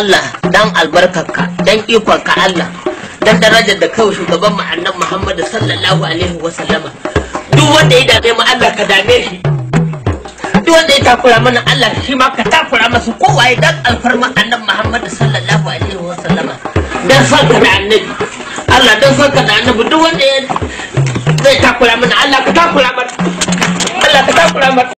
Allah dan albarkarka dan ikonka Allah dan darajar da kawai shugaban mu annabi Muhammad sallallahu alaihi wa sallama duk wanda ya dame mu Allah ka dame shi duk wanda ya takura mana Allah shi ma ka takura masa ya dan alfarma annabi Muhammad sallallahu alaihi wa sallama dan sanka da annabi Allah dan sanka da annabi duk wanda ya zai takura mana Allah ka takura